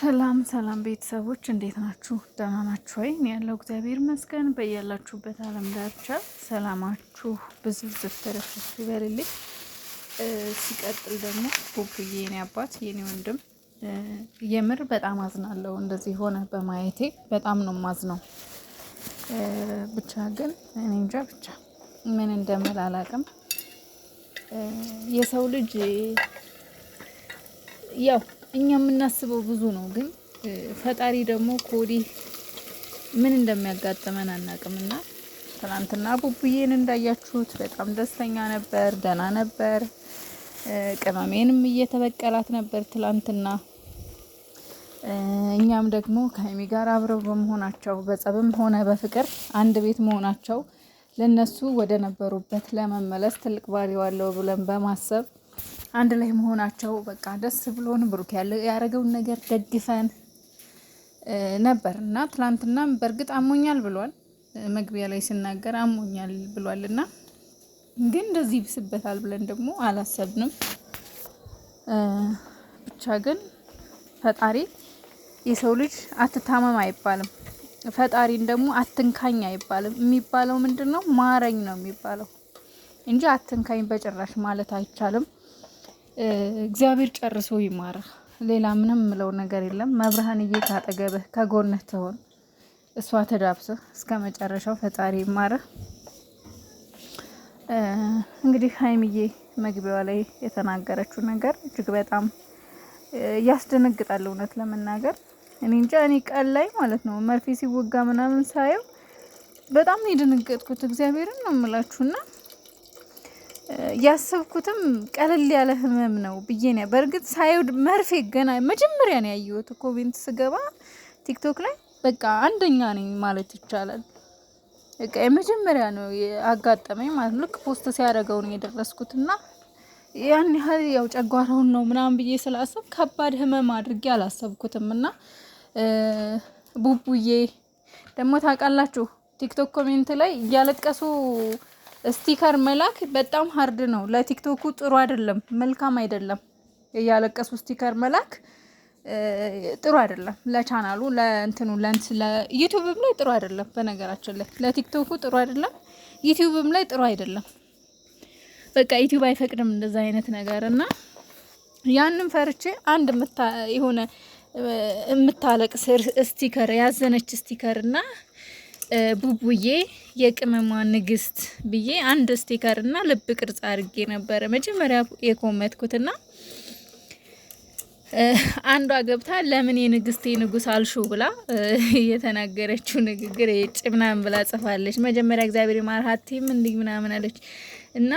ሰላም ሰላም ቤተሰቦች እንዴት ናችሁ? ደህና ናችሁ ወይ? ያለው እግዚአብሔር ይመስገን። በያላችሁበት ዓለም ዳርቻ ሰላማችሁ ብዙ ዝፍተረፍት ይበልልኝ። ሲቀጥል ደግሞ ቡቡዬ የኔ አባት የኔ ወንድም፣ የምር በጣም አዝናለሁ። እንደዚህ ሆነ በማየቴ በጣም ነው ማዝነው። ብቻ ግን እኔ እንጃ ብቻ ምን እንደምል አላቅም። የሰው ልጅ ያው እኛ የምናስበው ብዙ ነው፣ ግን ፈጣሪ ደግሞ ከወዲህ ምን እንደሚያጋጥመን አናቅምና ትናንትና ቡቡዬን እንዳያችሁት በጣም ደስተኛ ነበር፣ ደህና ነበር። ቅመሜንም እየተበቀላት ነበር ትላንትና። እኛም ደግሞ ከሀይሚ ጋር አብረው በመሆናቸው በጸብም ሆነ በፍቅር አንድ ቤት መሆናቸው ለነሱ ወደ ነበሩበት ለመመለስ ትልቅ ባሪ ዋለው ብለን በማሰብ አንድ ላይ መሆናቸው በቃ ደስ ብሎን ብሩክ ያደረገውን ነገር ደግፈን ነበር እና ትላንትና በእርግጥ አሞኛል ብሏል። መግቢያ ላይ ስናገር አሞኛል ብሏል እና ግን እንደዚህ ይብስበታል ብለን ደግሞ አላሰብንም። ብቻ ግን ፈጣሪ የሰው ልጅ አትታመም አይባልም፣ ፈጣሪን ደግሞ አትንካኝ አይባልም። የሚባለው ምንድን ነው? ማረኝ ነው የሚባለው እንጂ አትንካኝ በጭራሽ ማለት አይቻልም። እግዚአብሔር ጨርሶ ይማርህ። ሌላ ምንም ምለው ነገር የለም። መብርሃንዬ ካጠገብህ ከጎንህ ትሆን፣ እሷ ትዳብስህ እስከ መጨረሻው። ፈጣሪ ይማርህ። እንግዲህ ሀይሚዬ መግቢያዋ ላይ የተናገረችው ነገር እጅግ በጣም ያስደነግጣል። እውነት ለመናገር እኔ እንጃ እኔ ቀን ላይ ማለት ነው መርፌ ሲወጋ ምናምን ሳየው በጣም ነው የደነገጥኩት። እግዚአብሔርን ነው የምላችሁና ያሰብኩትም ቀለል ያለ ህመም ነው ብዬ ነው። በእርግጥ ሳይውድ መርፌ ገና መጀመሪያ ነው ያየሁት። ኮሜንት ስገባ ቲክቶክ ላይ በቃ አንደኛ ነኝ ማለት ይቻላል። በቃ የመጀመሪያ ነው አጋጠመኝ ማለት ነው። ልክ ፖስት ሲያደርገው ነው የደረስኩትና ያን ያህል ያው ጨጓራውን ነው ምናምን ብዬ ስላሰብ ከባድ ህመም አድርጌ አላሰብኩትም። እና ቡቡዬ ደግሞ ታውቃላችሁ ቲክቶክ ኮሜንት ላይ እያለቀሱ ስቲከር መላክ በጣም ሀርድ ነው። ለቲክቶኩ ጥሩ አይደለም፣ መልካም አይደለም። እያለቀሱ ስቲከር መላክ ጥሩ አይደለም። ለቻናሉ ለእንትኑ ለንት ለዩቲዩብም ላይ ጥሩ አይደለም። በነገራችን ላይ ለቲክቶኩ ጥሩ አይደለም፣ ዩቲዩብም ላይ ጥሩ አይደለም። በቃ ዩቲዩብ አይፈቅድም እንደዛ አይነት ነገር እና ያንን ፈርቼ አንድ የሆነ የምታለቅ ስቲከር ያዘነች ስቲከር እና ቡቡዬ የቅመሟ ንግስት ብዬ አንድ ስቲከር እና ልብ ቅርጽ አድርጌ ነበረ መጀመሪያ የኮመትኩት ና አንዷ ገብታ ለምን የንግስቴ ንጉስ አልሹ ብላ የተናገረችው ንግግር የጭ ምናምን ብላ ጽፋለች። መጀመሪያ እግዚአብሔር ማርሃቲም እንዲህ ምናምን አለች እና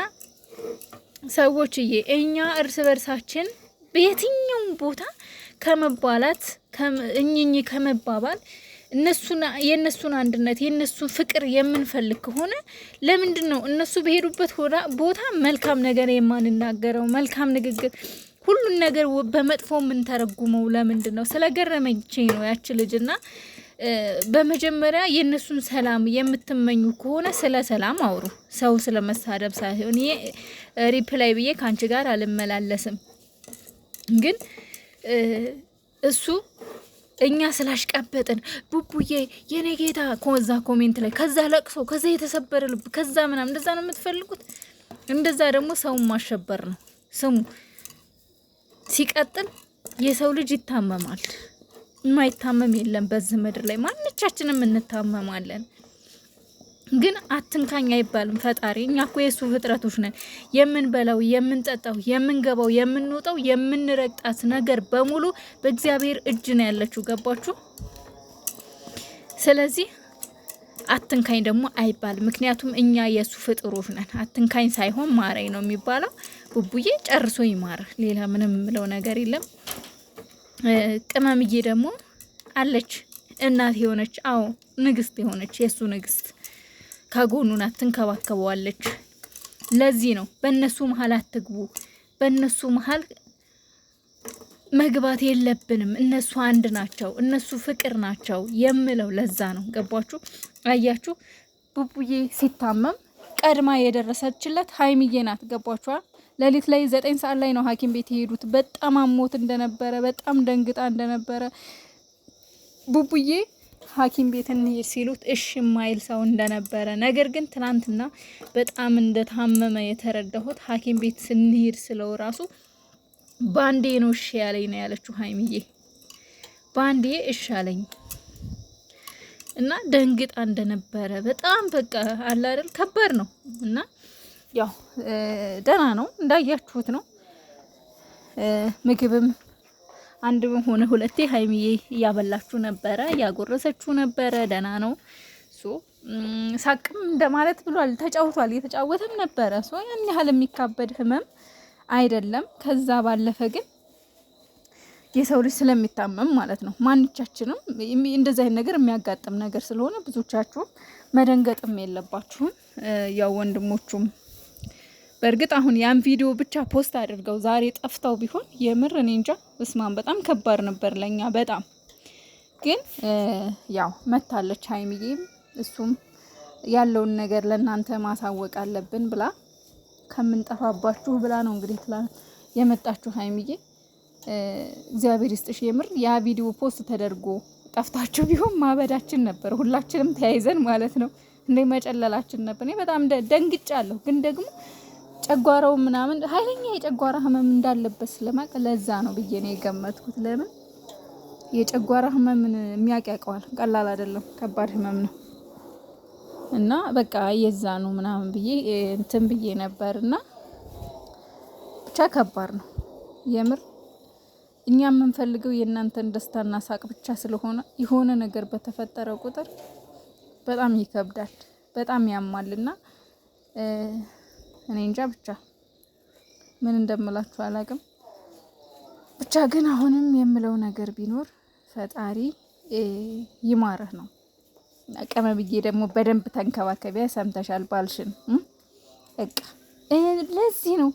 ሰዎችዬ እኛ እርስ በርሳችን በየትኛውም ቦታ ከመባላት እኝኝ ከመባባል እነሱን የእነሱን አንድነት የእነሱን ፍቅር የምንፈልግ ከሆነ ለምንድን ነው እነሱ በሄዱበት ቦታ መልካም ነገር የማንናገረው? መልካም ንግግር ሁሉን ነገር በመጥፎ የምንተረጉመው ለምንድን ነው? ስለገረመቼ ነው ያች ልጅና በመጀመሪያ የእነሱን ሰላም የምትመኙ ከሆነ ስለ ሰላም አውሩ። ሰው ስለ መሳደብ ሳይሆን ይሄ ሪፕላይ ብዬ ከአንቺ ጋር አልመላለስም፣ ግን እሱ እኛ ስላሽቀበጥን ቡቡዬ የኔ ጌታ ከዛ ኮሜንት ላይ ከዛ ለቅሶ ከዛ የተሰበረ ልብ ከዛ ምናም እንደዛ ነው የምትፈልጉት። እንደዛ ደግሞ ሰውን ማሸበር ነው። ስሙ ሲቀጥል የሰው ልጅ ይታመማል። የማይታመም የለም በዚህ ምድር ላይ ማንቻችንም እንታመማለን። ግን አትንካኝ አይባልም ፈጣሪ። እኛ እኮ የእሱ ፍጥረቶች ነን። የምንበላው፣ የምንጠጣው፣ የምንገባው፣ የምንወጣው፣ የምንረግጣት ነገር በሙሉ በእግዚአብሔር እጅ ነው ያለችው። ገባችሁ? ስለዚህ አትንካኝ ደግሞ አይባልም። ምክንያቱም እኛ የእሱ ፍጥሮች ነን። አትንካኝ ሳይሆን ማረኝ ነው የሚባለው። ቡቡዬ ጨርሶ ይማር። ሌላ ምንም የምለው ነገር የለም። ቅመምዬ ደግሞ አለች እናት የሆነች አዎ፣ ንግስት የሆነች የእሱ ንግስት ከጎኑ ናት፣ ትንከባከበዋለች። ለዚህ ነው በእነሱ መሀል አትግቡ፣ በእነሱ መሀል መግባት የለብንም፣ እነሱ አንድ ናቸው፣ እነሱ ፍቅር ናቸው የምለው ለዛ ነው። ገባችሁ? አያችሁ? ቡቡዬ ሲታመም ቀድማ የደረሰችለት ሀይሚዬ ናት። ገባችኋል? ሌሊት ላይ ዘጠኝ ሰዓት ላይ ነው ሐኪም ቤት የሄዱት። በጣም አሞት እንደነበረ በጣም ደንግጣ እንደነበረ ቡቡዬ ሐኪም ቤት እንሂድ ሲሉት እሽ የማይል ሰው እንደነበረ ነገር ግን ትናንትና በጣም እንደታመመ የተረዳሁት ሐኪም ቤት ስንሄድ ስለው ራሱ ባንዴ ነው እሺ ያለኝ ነው ያለችው ሀይሚዬ። ባንዴ እሺ አለኝ እና ደንግጣ እንደነበረ በጣም በቃ አለ አይደል ከባድ ነው እና ያው ደህና ነው እንዳያችሁት ነው ምግብም አንድ ሆነ ሁለቴ ሀይሚዬ እያበላችሁ ነበረ፣ እያጎረሰችሁ ነበረ። ደህና ነው። ሶ ሳቅም እንደማለት ብሏል። ተጫውቷል፣ እየተጫወተም ነበረ። ሶ ያን ያህል የሚካበድ ህመም አይደለም። ከዛ ባለፈ ግን የሰው ልጅ ስለሚታመም ማለት ነው ማንቻችንም እንደዚህ አይነት ነገር የሚያጋጥም ነገር ስለሆነ ብዙቻችሁም መደንገጥም የለባችሁም። ያው ወንድሞቹም በእርግጥ አሁን ያን ቪዲዮ ብቻ ፖስት አድርገው ዛሬ ጠፍተው ቢሆን የምር እኔ እንጃ እስማን በጣም ከባድ ነበር ለኛ በጣም ግን ያው መታለች ሀይሚዬም እሱም ያለውን ነገር ለእናንተ ማሳወቅ አለብን ብላ ከምንጠፋባችሁ ብላ ነው እንግዲህ ትላንት የመጣችሁ ሀይሚዬ እግዚአብሔር ይስጥሽ የምር ያ ቪዲዮ ፖስት ተደርጎ ጠፍታችሁ ቢሆን ማበዳችን ነበር ሁላችንም ተያይዘን ማለት ነው እንደ መጨለላችን ነበር እኔ በጣም ደንግጫለሁ ግን ደግሞ ጨጓራው ምናምን ኃይለኛ የጨጓራ ህመም እንዳለበት ስለማቅ ለዛ ነው ብዬ ነው የገመትኩት። ለምን የጨጓራ ህመምን የሚያውቅ ያውቀዋል። ቀላል አይደለም፣ ከባድ ህመም ነው እና በቃ የዛ ነው ምናምን ብዬ እንትን ብዬ ነበር እና ብቻ ከባድ ነው የምር። እኛ የምንፈልገው የእናንተን ደስታና ሳቅ ብቻ ስለሆነ የሆነ ነገር በተፈጠረ ቁጥር በጣም ይከብዳል፣ በጣም ያማልና እኔ እንጃ ብቻ ምን እንደምላችሁ አላቅም። ብቻ ግን አሁንም የምለው ነገር ቢኖር ፈጣሪ ይማርህ ነው። ቀመ ብዬ ደግሞ በደንብ ተንከባከቢያ። ሰምተሻል ባልሽን። በቃ ለዚህ ነው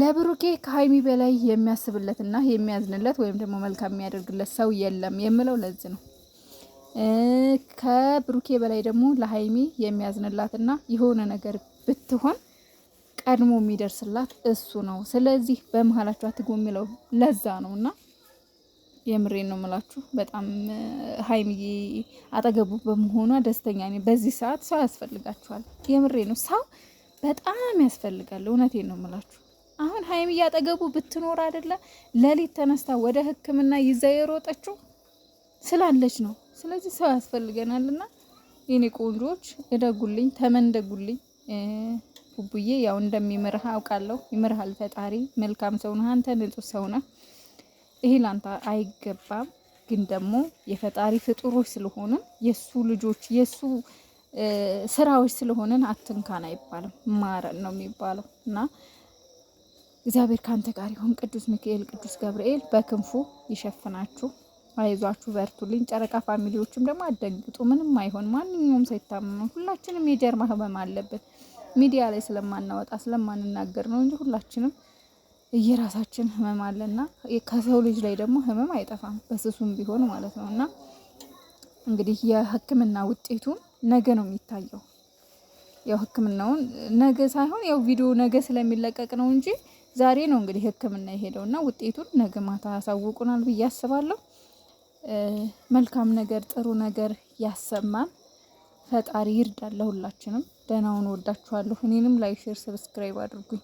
ለብሩኬ ከሀይሚ በላይ የሚያስብለትና የሚያዝንለት ወይም ደግሞ መልካም የሚያደርግለት ሰው የለም የምለው ለዚህ ነው። ከብሩኬ በላይ ደግሞ ለሀይሚ የሚያዝንላትና የሆነ ነገር ብትሆን ቀድሞ የሚደርስላት እሱ ነው። ስለዚህ በመሀላችሁ አትጎ የሚለው ለዛ ነው እና የምሬን ነው ምላችሁ። በጣም ሀይሚ አጠገቡ በመሆኗ ደስተኛ ነኝ። በዚህ ሰዓት ሰው ያስፈልጋችኋል። የምሬ ነው፣ ሰው በጣም ያስፈልጋል። እውነቴን ነው ምላችሁ። አሁን ሀይሚ አጠገቡ ብትኖር አይደለ ሌሊት ተነስታ ወደ ሕክምና ይዛ የሮጠችው ስላለች ነው ስለዚህ ሰው ያስፈልገናልና የኔ ቆንጆዎች እደጉልኝ፣ ተመንደጉልኝ። ቡቡዬ ያው እንደሚምርህ አውቃለሁ። ይምርሃል ፈጣሪ። መልካም ሰው ነህ አንተ፣ ንጹህ ሰው ነህ። ይሄ ላንተ አይገባም፣ ግን ደግሞ የፈጣሪ ፍጡሮች ስለሆንን የእሱ ልጆች የእሱ ስራዎች ስለሆንን አትንካን አይባልም፣ ማረን ነው የሚባለው እና እግዚአብሔር ከአንተ ጋር ይሁን። ቅዱስ ሚካኤል፣ ቅዱስ ገብርኤል በክንፉ ይሸፍናችሁ። አይዟችሁ በርቱልኝ። ጨረቃ ፋሚሊዎችም ደግሞ አደግጡ፣ ምንም አይሆን። ማንኛውም ሳይታመም ሁላችንም የጀርባ ህመም አለብን። ሚዲያ ላይ ስለማናወጣ ስለማንናገር ነው እንጂ ሁላችንም የራሳችን ህመም አለና ከሰው ልጅ ላይ ደግሞ ህመም አይጠፋም፣ በስሱም ቢሆን ማለት ነው። እና እንግዲህ የህክምና ውጤቱን ነገ ነው የሚታየው። ያው ህክምናውን ነገ ሳይሆን ያው ቪዲዮ ነገ ስለሚለቀቅ ነው እንጂ ዛሬ ነው እንግዲህ ህክምና የሄደው እና ውጤቱን ነገ ማታ ያሳውቁናል ብዬ አስባለሁ። መልካም ነገር ጥሩ ነገር ያሰማን። ፈጣሪ ይርዳል። ሁላችንም ደህናውን ወዳችኋለሁ። እኔንም ላይክ፣ ሼር ሰብስክራይብ አድርጉኝ።